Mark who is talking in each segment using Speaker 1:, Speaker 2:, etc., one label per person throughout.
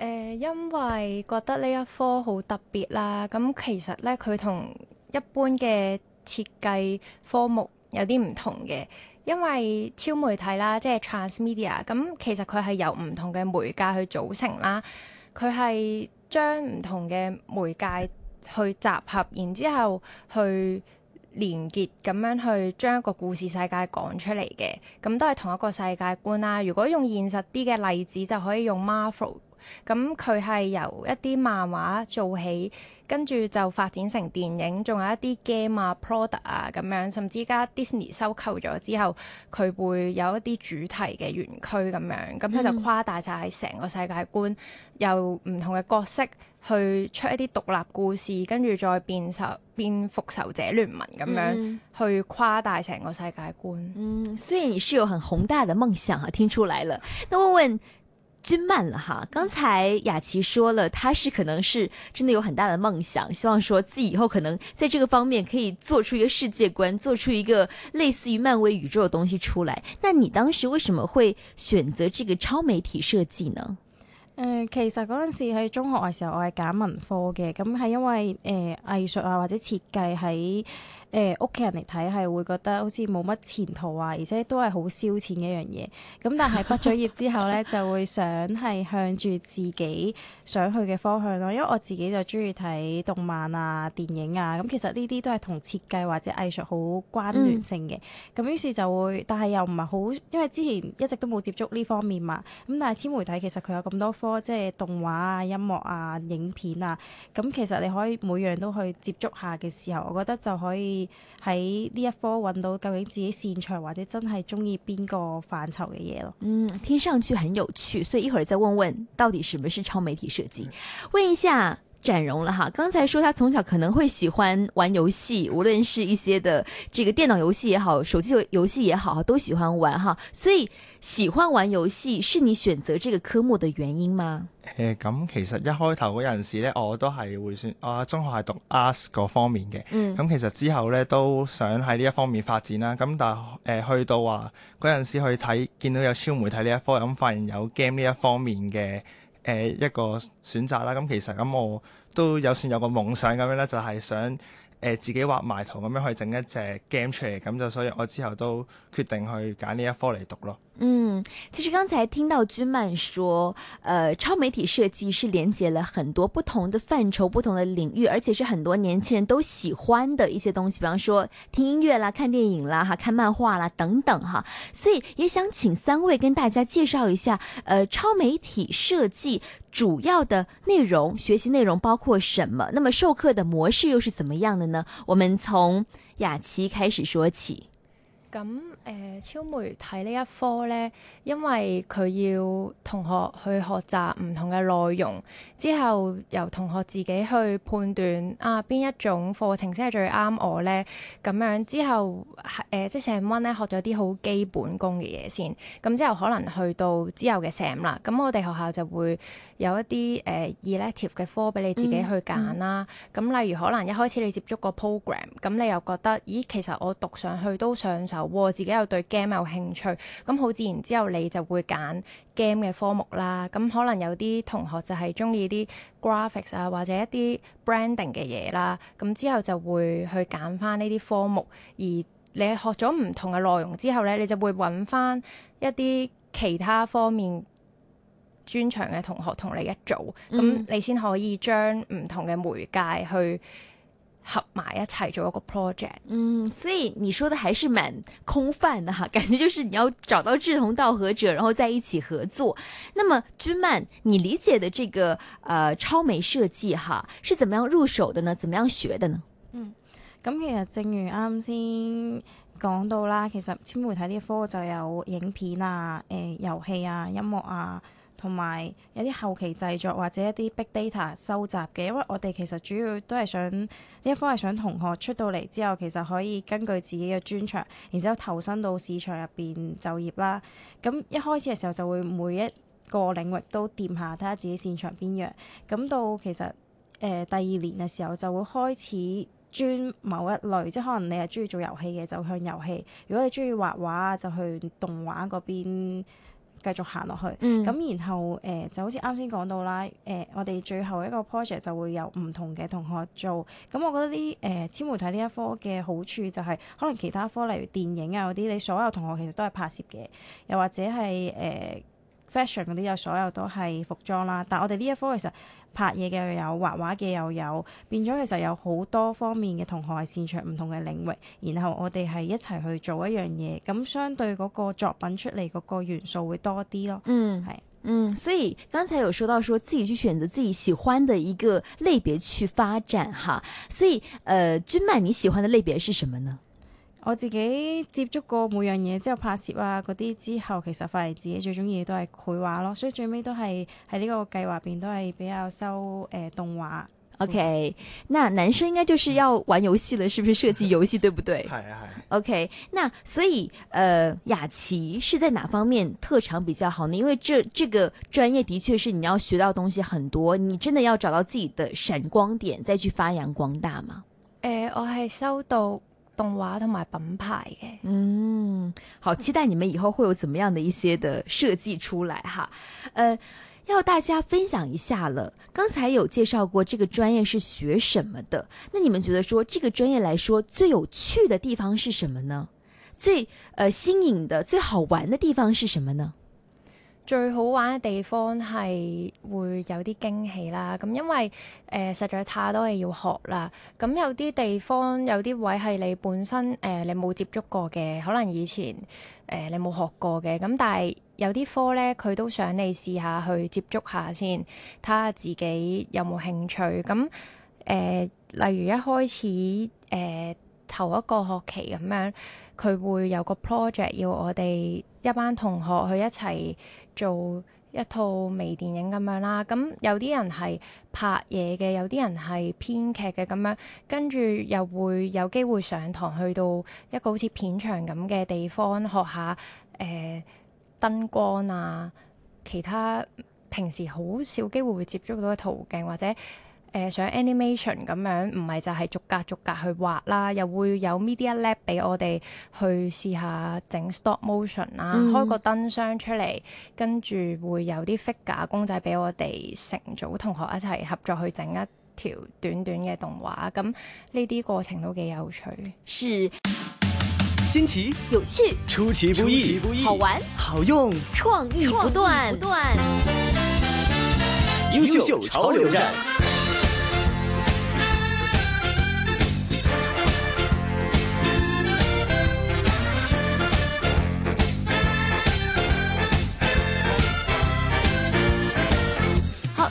Speaker 1: 誒，因為覺得呢一科好特別啦。咁其實咧，佢同一般嘅設計科目有啲唔同嘅，因為超媒體啦，即係 Transmedia。咁其實佢係由唔同嘅媒介去組成啦。佢係將唔同嘅媒介去集合，然之後去連結，咁樣去將一個故事世界講出嚟嘅。咁都係同一個世界觀啦。如果用現實啲嘅例子，就可以用 Marvel。咁佢係由一啲漫畫做起，跟住就發展成電影，仲有一啲 game 啊、product 啊咁樣，甚至而家 Disney 收購咗之後，佢會有一啲主題嘅園區咁樣，咁佢就誇大晒成個世界觀，又唔、嗯、同嘅角色去出一啲獨立故事，跟住再變受變復仇者聯盟咁樣、嗯、去
Speaker 2: 誇大成個世界觀。嗯，所以你是有很宏大的夢想啊，聽出來了。均慢了哈，剛才雅琪說了，她是可能是真的有很大的夢想，希望說自己以後可能在這個方面可以做出一個世界觀，做出一個類似於漫威宇宙的東西出來。那你當時為什麼會選擇這個超媒體設計呢？呃，
Speaker 3: 其實嗰陣時喺中學嘅時候，我係揀文科嘅，咁係因為誒藝術啊或者設計喺。誒屋企人嚟睇係會覺得好似冇乜前途啊，而且都係好燒錢嘅一樣嘢。咁但係畢咗業之後咧， 就會想係向住自己想去嘅方向咯。因為我自己就中意睇動漫啊、電影啊，咁其實呢啲都係同設計或者藝術好關聯性嘅。咁、嗯、於是就會，但係又唔係好，因為之前一直都冇接觸呢方面嘛。咁但係千媒體其實佢有咁多科，即係動畫啊、音樂啊、影片啊，咁其實你可以每樣都去接觸下嘅時候，我覺得就可以。喺呢一科揾到究竟自己擅長或者真係中意邊個範疇嘅嘢咯。嗯，聽
Speaker 2: 上去很有趣，所以一會兒再問問到底是不是超媒體設計？問一下。展容了哈，剛才說他從小可能會喜歡玩遊戲，無論是一些的這個電腦遊戲也好，手機遊戲也好，都喜歡玩哈，所以喜歡玩遊戲是你選擇這個科目的原因嗎？
Speaker 4: 誒，咁其實一開頭嗰陣時呢，我都係會選，啊，中學係讀 arts 嗰方面嘅，嗯，咁其實之後呢，都想喺呢一方面發展啦，咁但係誒去到話嗰陣時去睇見到有超媒體呢一科，咁發現有 game 呢一方面嘅。誒，一個選擇啦，咁其實，咁我都有算有個夢想咁樣咧，就係、是、想。誒自己畫埋圖咁樣去整一隻 game 出嚟，咁就所以我之後都決定去揀呢一科嚟讀咯。嗯，
Speaker 2: 其實剛才聽到君曼說，誒、呃、超媒體設計是連接了很多不同的範疇、不同的領域，而且是很多年輕人都喜歡的一些東西，比方說聽音樂啦、看電影啦、哈看漫畫啦等等哈。所以也想請三位跟大家介紹一下，誒、呃、超媒體設計。主要的內容，學習內容包括什麼？那麼授課的模式又是怎麼樣的呢？我們從雅琪開始說起。
Speaker 1: 咁誒、呃、超媒體呢一科咧，因為佢要同學去學習唔同嘅內容，之後由同學自己去判斷啊邊一種課程先係最啱我咧。咁樣之後誒、啊呃、即係 SAM one 咧學咗啲好基本功嘅嘢先，咁之後可能去到之後嘅 SAM 啦。咁我哋學校就會有一啲誒 elective 嘅科俾你自己去揀啦。咁、嗯嗯、例如可能一開始你接觸個 program，咁你又覺得咦，其實我讀上去都上手。自己又對 game 有興趣，咁好自然之後你就會揀 game 嘅科目啦。咁可能有啲同學就係鍾意啲 graphics 啊，或者一啲 branding 嘅嘢啦。咁之後就會去揀返呢啲科目。而你學咗唔同嘅內容之後呢，你就會揾返一啲其他方面專長嘅同學同你一組，咁、嗯、你先可以將唔
Speaker 2: 同嘅媒介去合埋一齊做一個 project。嗯，所以你說的還是蠻空泛的哈，感覺就是你要找到志同道合者，然後在一起合作。那麼君曼你理解的這個呃超媒設計哈，是怎麼樣入手的呢？怎麼樣學的呢？嗯，
Speaker 3: 咁、嗯嗯、其實正如啱先講到啦，其實超媒體呢一科就有影片啊、誒、呃、遊戲啊、音樂啊。同埋一啲後期製作或者一啲 big data 收集嘅。因為我哋其實主要都係想呢一方係想同學出到嚟之後，其實可以根據自己嘅專長，然之後投身到市場入邊就業啦。咁一開始嘅時候就會每一個領域都掂下，睇下自己擅長邊樣，咁到其實誒、呃、第二年嘅時候就會開始專某一類，即係可能你係中意做遊戲嘅，就向遊戲，如果你中意畫畫，就去動畫嗰邊。繼續行落去咁，嗯、然後誒、呃、就好似啱先講到啦誒、呃，我哋最後一個 project 就會有唔同嘅同學做咁，我覺得呢誒超媒體呢一科嘅好處就係、是、可能其他科例如電影啊嗰啲，你所有同學其實都係拍攝嘅，又或者係誒、呃 fashion 嗰啲就所有都係服裝啦，但係我哋呢一科其實拍嘢嘅又有畫畫嘅又有變咗，其實有好多方面嘅同學係擅長唔同嘅領域，然後我哋係一齊去做一樣嘢，咁相對嗰個作品出嚟嗰個元素會多啲咯。嗯，係是嗯，
Speaker 2: 所以剛才有說到說自己去選擇自己喜歡嘅一個類別去發展吓，所以誒、呃，君曼，你喜歡嘅類別是什麼呢？
Speaker 3: 我自己接觸過每樣嘢之後拍攝啊嗰啲之後，其實發現自己最鍾意都係繪畫咯，所以最尾都係喺呢個計劃邊都係比較收誒、呃、動畫。
Speaker 2: OK，嗯、那男生應該就是要玩遊戲了，是不是設計遊戲 對唔對？係啊係。OK，那所以誒、呃，雅琪是在哪方面特長比較好呢？因為這這個專業，的確是你要學到東西很多，你真的要找到自己的閃光點再去發揚光大嗎？
Speaker 1: 誒、呃，我係收到。動畫同埋品牌嘅，
Speaker 2: 嗯，好期待你們以後會有怎麼樣的一些的設計出來哈，呃，要大家分享一下了。剛才有介紹過這個專業是學什麼的，那你們覺得說這個專業來說最有趣的地方是什麼呢？最，呃，新穎的最好玩的地方是什麼呢？
Speaker 1: 最好玩嘅地方係會有啲驚喜啦。咁因為誒、呃、實在太多嘢要學啦。咁有啲地方有啲位係你本身誒、呃、你冇接觸過嘅，可能以前誒、呃、你冇學過嘅。咁但係有啲科咧，佢都想你試下去接觸下先，睇下自己有冇興趣。咁誒、呃，例如一開始誒。呃頭一個學期咁樣，佢會有個 project 要我哋一班同學去一齊做一套微電影咁樣啦。咁有啲人係拍嘢嘅，有啲人係編劇嘅咁樣，跟住又會有機會上堂去到一個好似片場咁嘅地方，學下誒、呃、燈光啊，其他平時好少機會會接觸到嘅途徑或者。誒想 animation 咁樣，唔係就係逐格逐格去畫啦，又會有 media lab 俾我哋去試下整 stop motion 啦、嗯，開個燈箱出嚟，跟住會有啲 figure 公仔俾我哋成組同學一齊合作去整一條短短嘅動畫，咁呢啲過程都幾有趣。是
Speaker 4: 新奇有趣，出其不意，不好玩好用，
Speaker 2: 創意不斷不斷，優秀潮流站。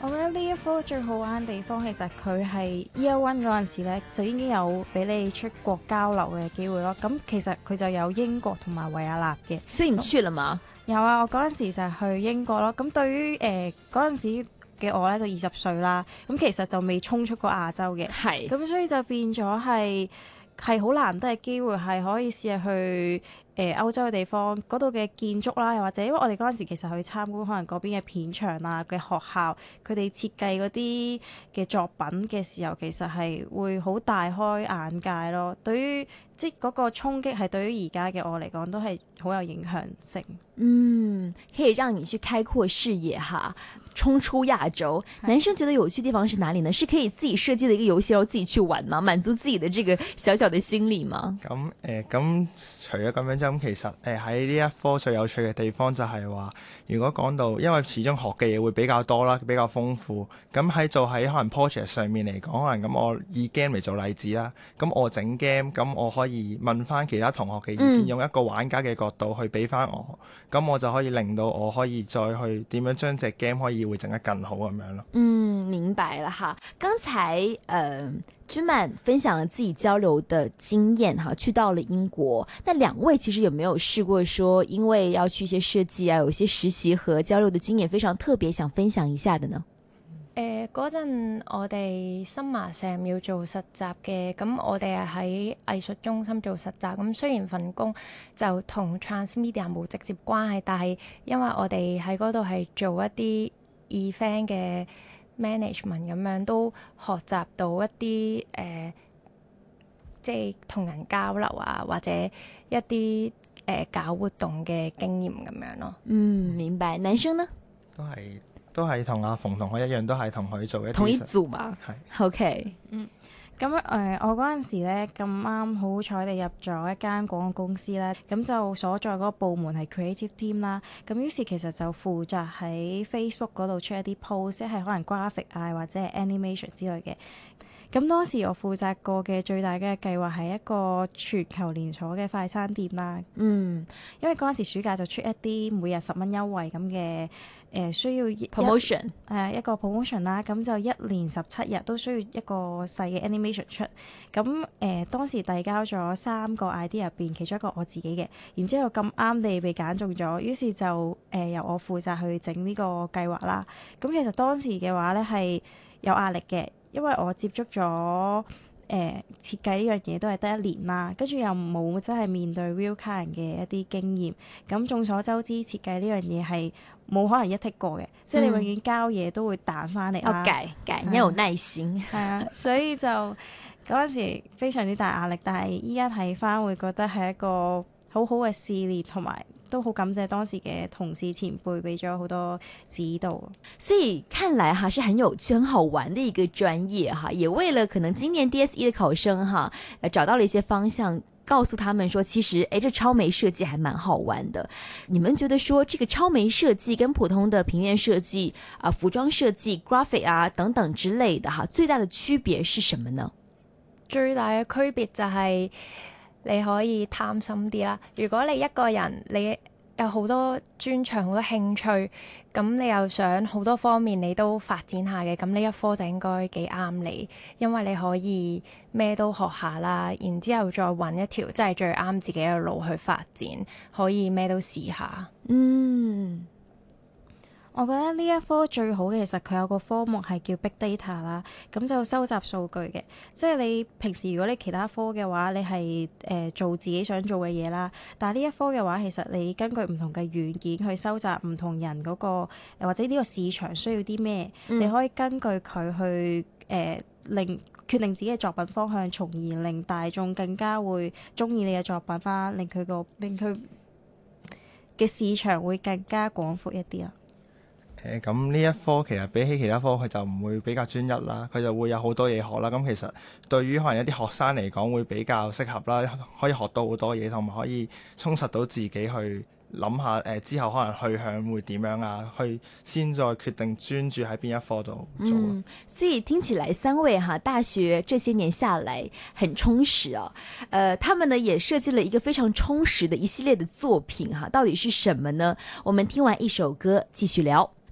Speaker 3: 我覺得呢一科最好玩嘅地方，其實佢係 Year One 嗰陣時咧，就已經有俾你出國交流嘅機會咯。咁其實佢就有英國同埋維也納嘅，雖然出啦嘛，有啊。我嗰陣時就係去英國咯。咁對於誒嗰陣時嘅我咧，就二十歲啦。咁其實就未衝出過亞洲嘅，係咁是，所以就變咗係係好難得嘅機會，係可以試下去。誒歐洲嘅地方，嗰度嘅建築啦，又或者因為我哋嗰陣時其實去參觀可能嗰邊嘅片場啊、嘅學校，佢哋設計嗰啲嘅作品嘅時候，其實係會好大開眼界咯，對於。即係嗰個衝擊係對於而家嘅我嚟講都係好有影響性。
Speaker 2: 嗯，
Speaker 3: 可以讓你去開闊視野嚇，衝出亞洲。 男生覺得有
Speaker 2: 趣地方是哪裡呢？是可以自己設計的一個遊戲，然後自己去玩嘛，滿足自己的這個小小的心理嘛。
Speaker 4: 咁誒咁除咗咁樣之後，咁其實誒喺呢一科最有趣嘅地方就係話，如果講到因為始終學嘅嘢會比較多啦，比較豐富。咁喺做喺可能 project 上面嚟講，可能咁我以 game 嚟做例子啦。咁、嗯、我整 game，咁、嗯嗯嗯我,嗯嗯我,嗯、我可以。嗯而問翻其他同學嘅意見，用一個玩家嘅角度去俾翻我，咁、嗯、我就可以令到我可以再去點樣將隻 game 可以會整得更好咁樣咯。嗯，
Speaker 2: 明白了哈。剛才誒 Juman 分享了自己交流嘅經驗哈，去到了英國。那兩位其實有沒有試過說，因為要去一些設計啊，有些實習和交流嘅經驗，非常特別，想分享一下的呢？
Speaker 1: 誒嗰陣我哋新麻石要做實習嘅，咁我哋係喺藝術中心做實習。咁雖然份工就同 Transmedia 冇直接關係，但係因為我哋喺嗰度係做一啲 event 嘅 management 咁樣，都學習到一啲誒、呃，即係同人交流啊，或者一啲誒、呃、搞活動嘅經驗咁樣咯。嗯，
Speaker 3: 明白。男生呢？
Speaker 4: 都係。都係同阿馮同學一樣，都係同佢做嘅。同一組嘛？
Speaker 3: 係，OK，嗯，咁誒、呃，我嗰陣時咧咁啱，好彩地入咗一間廣告公司咧，咁就所在嗰個部門係 creative team 啦，咁於是其實就負責喺 Facebook 嗰度出一啲 post，即係可能 graphic 啊或者係 animation 之類嘅。咁當時我負責過嘅最大嘅計劃係一個全球連鎖嘅快餐店啦。嗯，因為嗰陣時暑假就出一啲每日十蚊優惠咁嘅誒，需要 promotion 誒一、啊、一個 promotion 啦。咁就一年十七日都需要一個細嘅 animation 出。咁誒、呃、當時遞交咗三個 idea 入邊，其中一個我自己嘅，然之後咁啱地被揀中咗，於是就誒、呃、由我負責去整呢個計劃啦。咁其實當時嘅話咧係有壓力嘅。因為我接觸咗誒、呃、設計呢樣嘢都係得一年啦，跟住又冇真係面對 real client 嘅一啲經驗。咁眾所周知，設計呢樣嘢係冇可能一剔過嘅，嗯、即係你永遠交嘢都會彈翻嚟。計計一路 lines 係啊，所以就嗰陣時非常之大壓力。但係依家睇翻會覺得係一個好好嘅試煉同埋。都好感謝當時嘅同事前輩俾咗好多指導，
Speaker 2: 所以看來哈，係很有趣、很好玩嘅一個專業哈。也為了可能今年 DSE 嘅考生哈，找到了一些方向，告訴他們說，其實誒、欸，這超媒設計還蠻好玩的。你們覺得說，這個超媒設計跟普通的平面設計啊、服裝設計、graphic 啊等等之類的哈，最大的區別是什麼呢？
Speaker 1: 最大嘅區別就係、是。你可以貪心啲啦。如果你一個人，你有好多專長、好多興趣，咁你又想好多方面你都發展下嘅，咁呢一科就應該幾啱你，因為你可以咩都學下啦。然之後再揾一條，即係最啱自己嘅路去發展，可以咩都試下。
Speaker 3: 嗯。我覺得呢一科最好嘅，其實佢有個科目係叫 Big Data 啦，咁就收集數據嘅。即係你平時如果你其他科嘅話，你係誒、呃、做自己想做嘅嘢啦。但係呢一科嘅話，其實你根據唔同嘅軟件去收集唔同人嗰、那個，或者呢個市場需要啲咩，嗯、你可以根據佢去誒、呃、令決定自己嘅作品方向，從而令大眾更加會鍾意你嘅作品啦，令佢個令佢嘅市場會更加廣闊一啲啊。
Speaker 4: 誒，咁呢一科其實比起其他科，佢就唔會比較專一啦，佢就會有好多嘢學啦。咁其實對於可能一啲學生嚟講，會比較適合啦，可以學到好多嘢，同埋可以充實到自己去諗下，誒之後可能去向會點樣啊？去先再決定專注喺邊一科度做。
Speaker 2: 所以聽起來三位哈，大學這些年下來很充實哦、啊。誒、呃，他們呢也設計了一個非常充實的一系列的作品哈、啊，到底是什麼呢？我們聽完一首歌，繼續聊。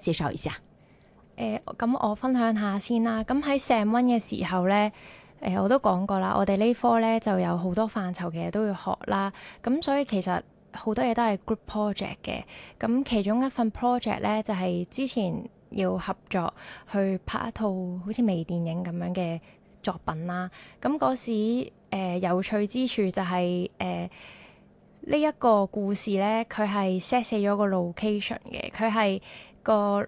Speaker 2: 介紹一下，
Speaker 1: 啊、呃，誒，咁我分享下先啦。咁喺成溫嘅時候咧，誒、呃，我都講過啦。我哋呢科咧就有好多範疇，其實都要學啦。咁所以其實好多嘢都係 group project 嘅。咁其中一份 project 咧就係、是、之前要合作去拍一套好似微電影咁樣嘅作品啦。咁嗰時誒、呃，有趣之處就係誒呢一個故事咧，佢係 set 死咗個 location 嘅，佢係個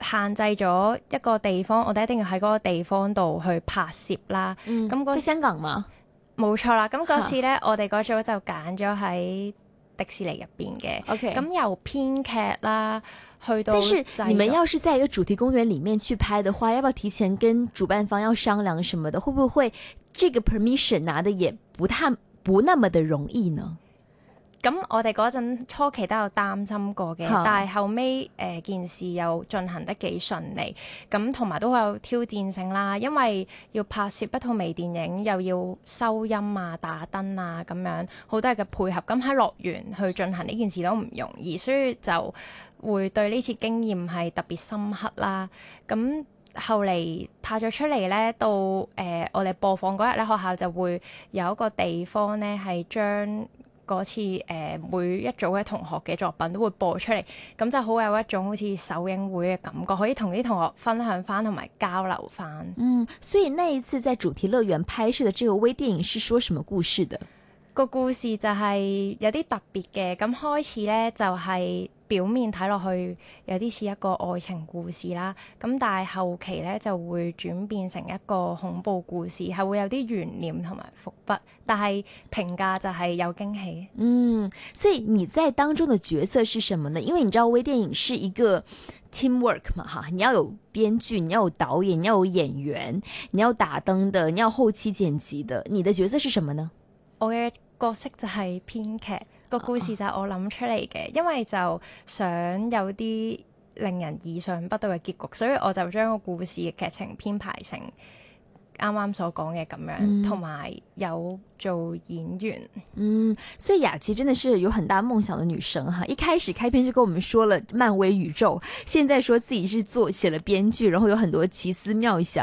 Speaker 1: 限制咗一個地方，我哋一定要喺嗰個地方度去拍攝啦。咁嗰次香港嘛，冇錯啦。咁嗰次呢，哈我哋嗰組就揀咗喺迪士尼入邊嘅。咁 Okay 由編劇
Speaker 2: 啦，去到。但是你們要是在一個主題公園裏面去拍的話，要不要提前跟主辦方要商量什麼的？會不會這個 permission 拿得也不太不那麼的容易呢？
Speaker 1: 咁我哋嗰陣初期都有擔心過嘅，嗯、但係後尾誒、呃、件事又進行得幾順利，咁同埋都有挑戰性啦，因為要拍攝一套微電影，又要收音啊、打燈啊咁樣，好多人嘅配合。咁喺樂園去進行呢件事都唔容易，所以就會對呢次經驗係特別深刻啦。咁後嚟拍咗出嚟呢，到誒、呃、我哋播放嗰日咧，學校就會有一個地方呢係將嗰次誒、呃、每一組嘅同學嘅作品都會播出嚟，咁就好有一種好似首映會嘅感覺，可以同啲同學分享返同埋交流返。
Speaker 2: 嗯，所以那一次在主題樂園拍攝的這個微電影是說什麼故事的？
Speaker 1: 個故事就係有啲特別嘅，咁開始呢就係、是、表面睇落去有啲似一個愛情故事啦，咁但係後期呢就會轉變成一個恐怖故事，係會有啲懸念同埋伏筆，但係評
Speaker 2: 價就係有驚喜。嗯，所以你在當中嘅角色是什麼呢？因為你知道微電影是一個 teamwork 嘛，哈，你要有編劇，你要有導演，你要有演員，你要打燈的，你要後期剪輯的，你的角色是什麼呢？OK。
Speaker 1: 我角色就係編劇，個故事就係我諗出嚟嘅，oh. 因為就想有啲令人意想不到嘅結局，所以我就將個故事嘅劇情編排成啱啱所講嘅咁樣，同埋、嗯、有做演員。
Speaker 2: 嗯，所以雅琪真的是有很大夢想嘅女生哈，一開始開篇就跟我們說了漫威宇宙，現在說自己是做寫了編劇，然後有很多奇思妙想。